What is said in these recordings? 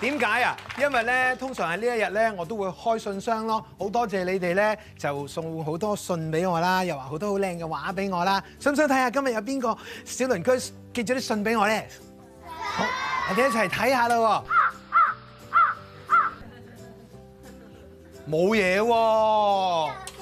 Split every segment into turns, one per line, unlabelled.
點解啊？因為咧，通常喺呢一日咧，我都會開信箱咯。好多謝你哋咧，就送好多信俾我啦，又話好多好靚嘅畫俾我啦。想唔想睇下今日有邊個小鄰居寄咗啲信俾我咧？好，我哋一齊睇下啦
喎。
冇嘢喎。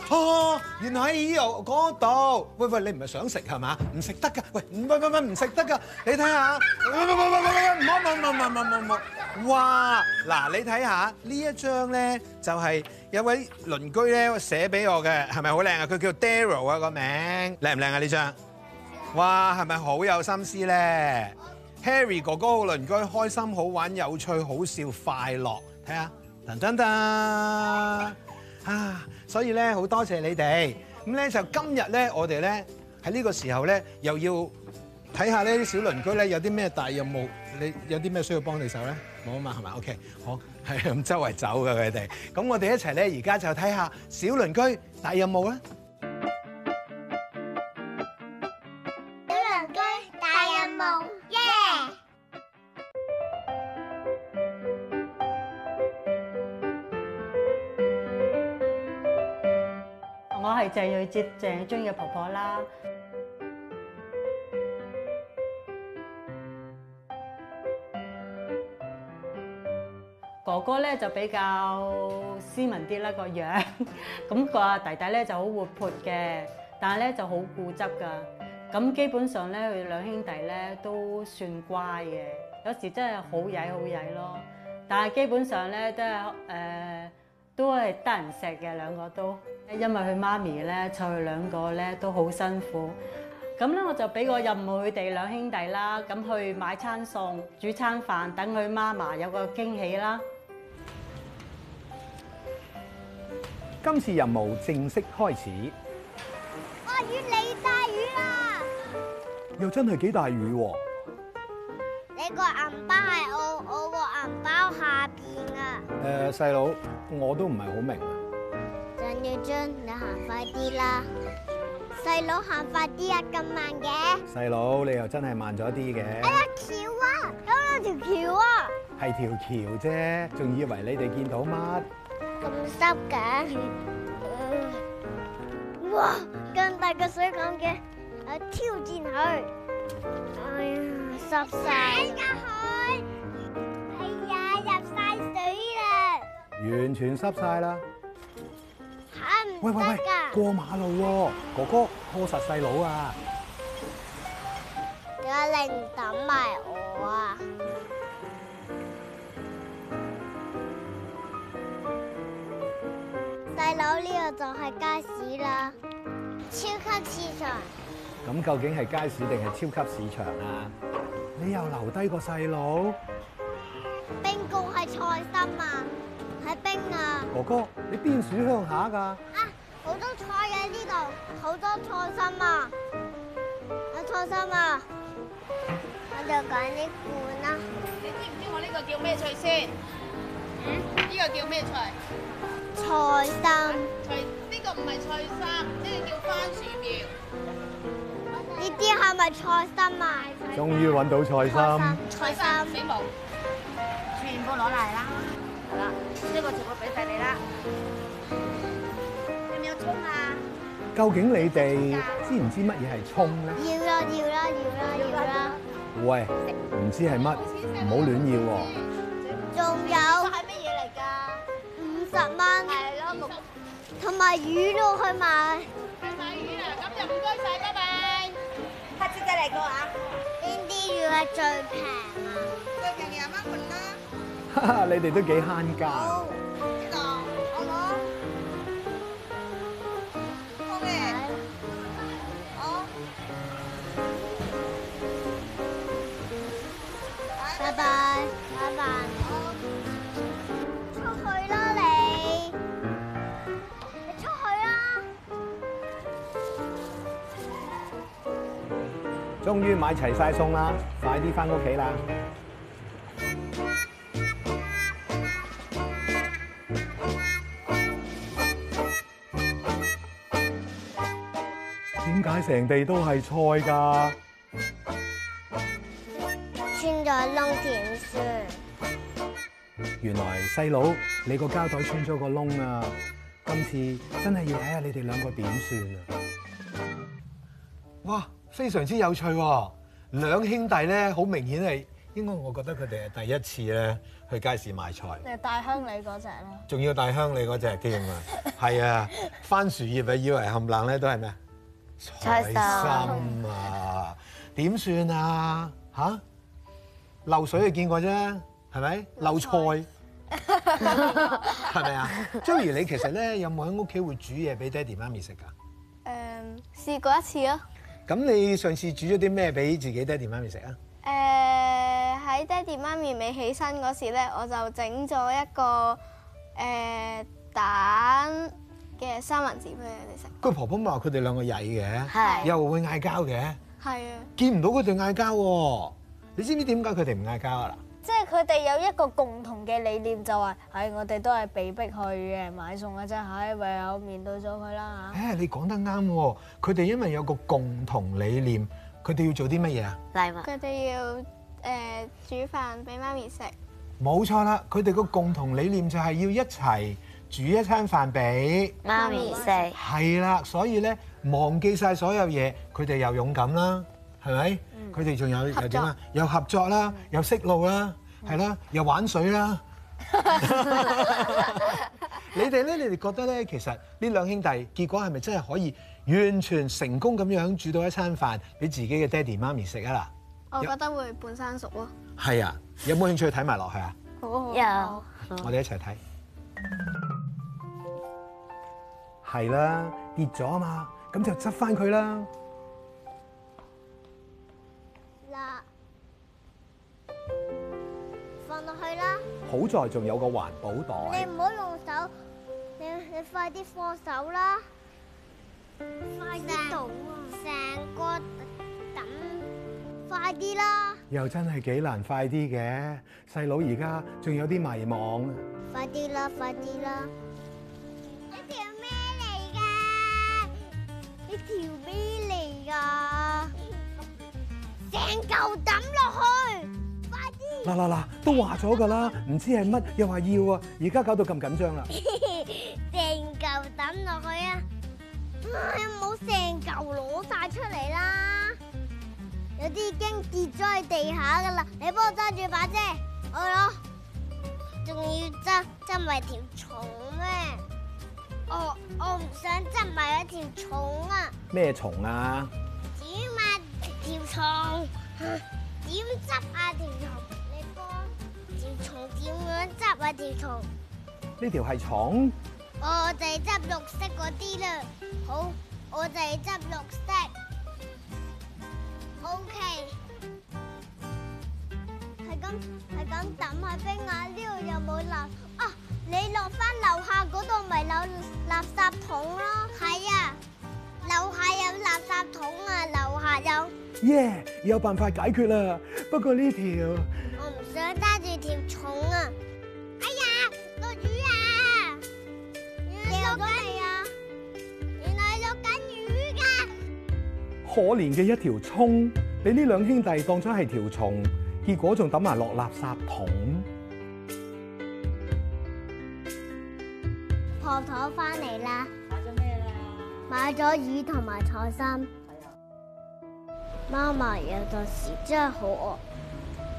原來喺呢度嗰度，喂喂，你唔係想食係嘛？唔食得㗎，喂喂喂喂，唔食得㗎，你睇下，喂喂喂喂喂唔好，唔好，唔好，唔好，唔好。哇，嗱，你睇下呢一張咧，就係有位鄰居咧寫俾我嘅，係咪好靚啊？佢叫 Daryl 啊個名，靚唔靚啊呢張？哇，係咪好有心思咧？Harry 哥哥嘅鄰居，開心好玩、有趣好笑、快樂，睇下噔噔噔。所以咧好多謝你哋，咁咧就今日咧我哋咧喺呢個時候咧又要睇下呢啲小鄰居咧有啲咩大任務，你有啲咩需要幫你手咧？冇啊嘛係咪？OK 好，係咁周圍走噶佢哋，咁我哋一齊咧而家就睇下小鄰居大任務啦。我係鄭瑞哲、鄭中嘅婆婆啦。哥哥咧就比較斯文啲啦個樣，咁個弟弟咧就好活潑嘅，但係咧就好固執㗎。咁基本上咧，佢兩兄弟咧都算乖嘅，有時真係好曳好曳咯。但係基本上咧都係誒。都係得人錫嘅兩個都，因為佢媽咪咧湊佢兩個咧都好辛苦，咁咧我就俾個任務佢哋兩兄弟啦，咁去買餐餸、煮餐飯，等佢媽媽有個驚喜啦。今次任務正式開始。
大雨嚟，大雨啦！
又真係幾大雨喎！
你個銀包係？
誒，細佬，我都唔係好明啊。
鄭耀宗，你行快啲啦！細佬行快啲啊，咁慢嘅。
細佬，你又真係慢咗啲嘅。哎呀，
橋啊，有兩條橋啊？
係條橋啫，仲以為你哋見到乜？
咁濕噶？哇，咁大個水咁嘅，我挑戰佢。哎呀，濕晒。嚟噶佢。
完全濕曬啦！唔會得㗎，喂喂喂，過馬路喎，哥哥拖實細佬啊！
點解你唔等埋我啊！細佬，呢度就係街市啦，超級市場。
咁究竟係街市定係超級市場啊？你又留低個細佬？
冰糕係菜心啊！.喺冰啊！哥哥，
你邊處鄉下㗎？啊，好
多菜喺呢度，好多菜心啊！有菜心啊！我就揀呢款啦。你知唔知我呢個叫咩菜先？嗯，呢個叫咩菜？菜心。菜呢個唔係菜心，呢個叫番薯苗。呢啲係咪菜心啊？
終於揾到菜心。
菜心。菜心全部攞嚟啦！呢個全部俾晒你啦，要唔要葱啊？
究竟你哋知唔知乜嘢係葱咧？
要啦要啦要啦要啦！
喂，唔知係乜，唔好亂要喎。
仲有係乜嘢嚟噶？五十蚊係咯，同埋魚咯去買。去買魚啦！今日唔該晒，拜拜。黑仔仔嚟個啊！邊啲魚係最平啊？最平廿蚊半啦。
哈哈， 你哋都幾慳家。好，oh, okay，好冇。
OK，好。拜拜，拜拜，出去啦你，你出去啊！
終於買齊晒餸啦，快啲翻屋企啦。成地都係菜㗎，穿
咗窿點算？
原來細佬，你個膠袋穿咗個窿啊！今次真係要睇下你哋兩個點算啊！哇，非常之有趣喎、啊！兩兄弟咧，好明顯係應該，我覺得佢哋係第一次咧去街市買菜。誒，
帶鄉里嗰隻
咯。仲要帶鄉里嗰隻添啊！係 啊，番薯葉啊，以為冚冷咧都係咩？
菜心
啊，點算啊？嚇、啊，漏水你見過啫，係咪漏菜？係咪啊 j o 你其實咧有冇喺屋企會煮嘢俾爹哋媽咪食㗎？誒、嗯，
試過一次咯、啊。
咁你上次煮咗啲咩俾自己爹哋媽咪食啊？
誒、呃，喺爹哋媽咪未起身嗰時咧，我就整咗一個誒、呃、蛋。
嘅三文治俾佢哋食。個婆婆咪話佢哋兩個曳嘅，又會嗌交嘅。係啊。見唔到佢哋嗌交喎，你知唔知點解佢哋唔嗌交啊？啦。
即係佢哋有一個共同嘅理念，就話，唉，我哋都係被逼去誒買餸啊！真係，唉，唯有面對咗佢啦。
唉，你講得啱喎，佢哋因為有個共同理念，佢哋要做啲乜嘢啊？禮物。佢
哋要誒煮飯俾媽咪食。
冇錯啦，佢哋個共同理念就係要一齊。煮一餐飯俾媽咪食，係啦，所以咧忘記晒所有嘢，佢哋又勇敢啦，係咪？佢哋仲有又點啊？合作又合作啦，又識路啦，係啦、嗯，又玩水啦。 你哋咧，你哋覺得咧，其實呢兩兄弟結果係咪真係可以完全成功咁樣煮到一餐飯俾自己嘅爹哋媽咪食啊？啦，
我覺得
會半生熟咯。係啊，有冇興趣睇埋落去啊？好，
有，
我哋一齊睇。係啦，跌咗啊嘛，咁就執翻佢啦。
嗱，放落去啦。
好在仲有個環保袋。你
唔好用手，你，你快啲放手啦，嗯裡。快啲成個等，快啲啦！
又真係幾難快，快啲嘅，細佬而家仲有啲迷茫。
快啲啦！快啲啦！條尾嚟噶，成嚿抌落去，
快啲！嗱嗱嗱，都話咗噶啦，唔知係乜，又話要啊，而家搞到咁緊張啦！
成嚿抌落去啊！唉，唔好成嚿攞晒出嚟啦，有啲已經跌咗喺地下噶啦，你幫我揸住把遮，我攞，仲要執執埋條蟲咩？我我唔想執埋一條蟲啊,啊！
咩蟲啊？
點啊條蟲？點執啊條蟲？你幫條蟲點樣執啊條蟲？
呢條係蟲？是
我就係執綠色嗰啲啦。好，我就係執綠色。O、OK、K。係咁係咁抌下冰啊！呢度又冇藍。你落翻樓下嗰度咪有垃圾桶咯？係啊，樓下有垃圾桶啊，樓下有。
耶，有辦法解決啦。不過呢條，
我唔想揸住條蟲啊！哎呀，落雨啊！你落咗？係啊！原來落緊雨
噶。可憐嘅一條蔥，畀呢兩兄弟當咗係條蟲，結果仲抌埋落垃圾桶。
坐翻嚟啦！買咗咩啦？買咗魚同埋菜心。係啊！媽媽有陣時真係好惡，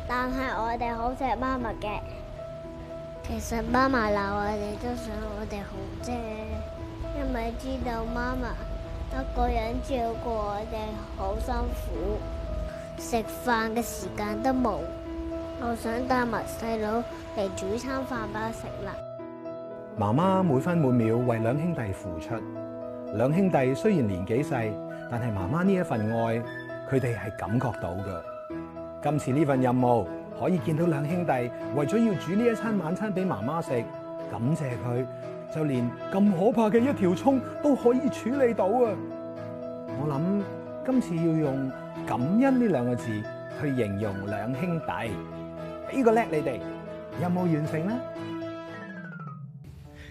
但係我哋好錫媽媽嘅。其實媽媽鬧我哋都想我哋好啫，因為知道媽媽一個人照顧我哋好辛苦，食飯嘅時間都冇。我想帶埋細佬嚟煮餐飯俾我食啦。
媽媽每分每秒為兩兄弟付出，兩兄弟雖然年紀細，但係媽媽呢一份愛，佢哋係感覺到嘅。今次呢份任務可以見到兩兄弟為咗要煮呢一餐晚餐俾媽媽食，感謝佢，就連咁可怕嘅一條蔥都可以處理到啊！我諗今次要用感恩呢兩個字去形容兩兄弟，畀個叻你哋有冇完成呢？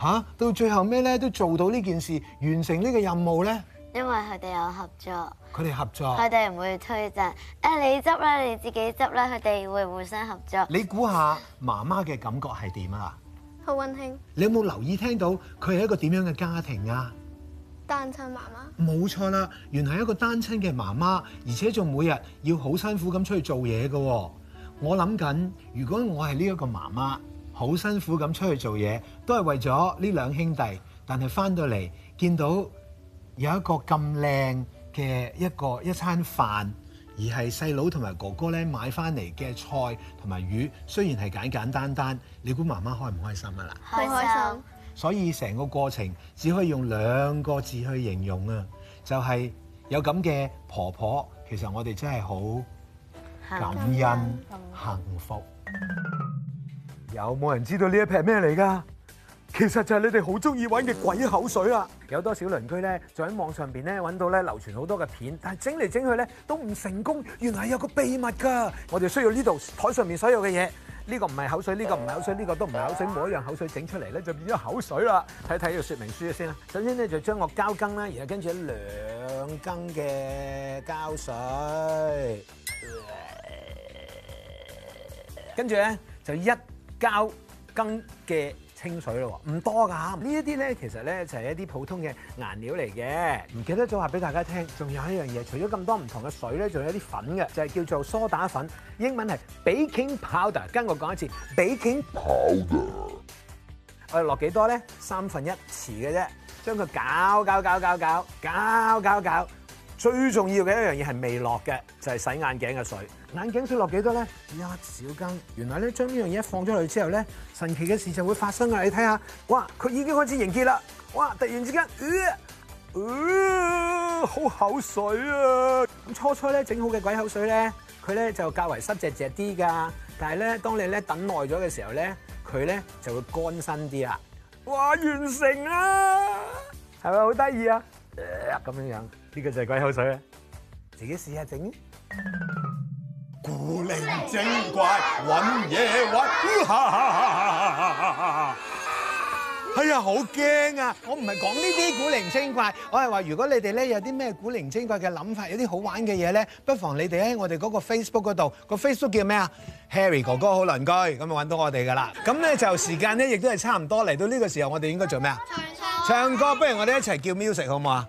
嚇、啊！到最後咩咧都做到呢件事，完成呢個任務咧，
因為佢哋有合作。
佢哋合作，佢哋
唔會推進。誒、啊，你執啦，你自己執啦，佢哋會互相合作。你
估下媽媽嘅感覺係點啊？
好溫馨。
你有冇留意聽到佢係一個點樣嘅家庭啊？
單親媽媽。
冇錯啦，原來係一個單親嘅媽媽，而且仲每日要好辛苦咁出去做嘢嘅。我諗緊，如果我係呢一個媽媽。好辛苦咁出去做嘢，都係為咗呢兩兄弟。但係翻到嚟見到有一個咁靚嘅一個一餐飯，而係細佬同埋哥哥咧買翻嚟嘅菜同埋魚，雖然係簡簡單單，你估媽媽開唔開心啊？啦，開心。所以成個過程只可以用兩個字去形容啊，就係有咁嘅婆婆，其實我哋真係好
感恩
幸福。有冇人知道呢一撇咩嚟噶？其實就係你哋好中意玩嘅鬼口水啊！有多少鄰居咧，就喺網上邊咧揾到咧流傳好多嘅片，但係整嚟整去咧都唔成功。原來有個秘密㗎！我哋需要呢度枱上面所有嘅嘢。呢個唔係口水，呢個唔係口水，呢個都唔係口水。某一樣口水整出嚟咧就變咗口水啦。睇睇個說明書先啦。首先咧就將個膠羹啦，然後跟住兩羹嘅膠水，跟住咧就一。膠羹嘅清水咯，唔多噶。呢一啲咧，其實咧就係一啲普通嘅顏料嚟嘅。唔記得咗話俾大家聽，仲有一樣嘢，除咗咁多唔同嘅水咧，仲有一啲粉嘅，就係叫做梳打粉，英文係 baking powder。跟我講一次，baking powder。我哋落幾多咧？三分一匙嘅啫，將佢攪攪攪攪攪攪攪攪。最重要嘅一樣嘢係未落嘅，就係、是、洗眼鏡嘅水。眼鏡跌落幾多咧？一小羹。原來咧，將呢樣嘢一放咗去之後咧，神奇嘅事就會發生啊！你睇下，哇，佢已經開始凝結啦！哇，突然之間，咦、呃呃，好口水啊！咁初初咧整好嘅鬼口水咧，佢咧就較為濕藉藉啲噶。但係咧，當你咧等耐咗嘅時候咧，佢咧就會乾身啲啊！
哇，完成啦，
係咪好得意啊？咁、呃、樣樣。呢個就係鬼口水啊！自己試下整。古靈精怪揾嘢玩，哎呀，好驚啊！我唔係講呢啲古靈精怪，我係話如果你哋咧有啲咩古靈精怪嘅諗法，有啲好玩嘅嘢咧，不妨你哋喺我哋嗰個 Facebook 嗰度，個 Facebook 叫咩啊？Harry 哥哥好鄰居，咁就揾到我哋噶啦。咁咧就時間咧亦都係差唔多嚟到呢個時候，我哋應該做咩啊？唱歌，不如我哋一齊叫 music 好唔好啊？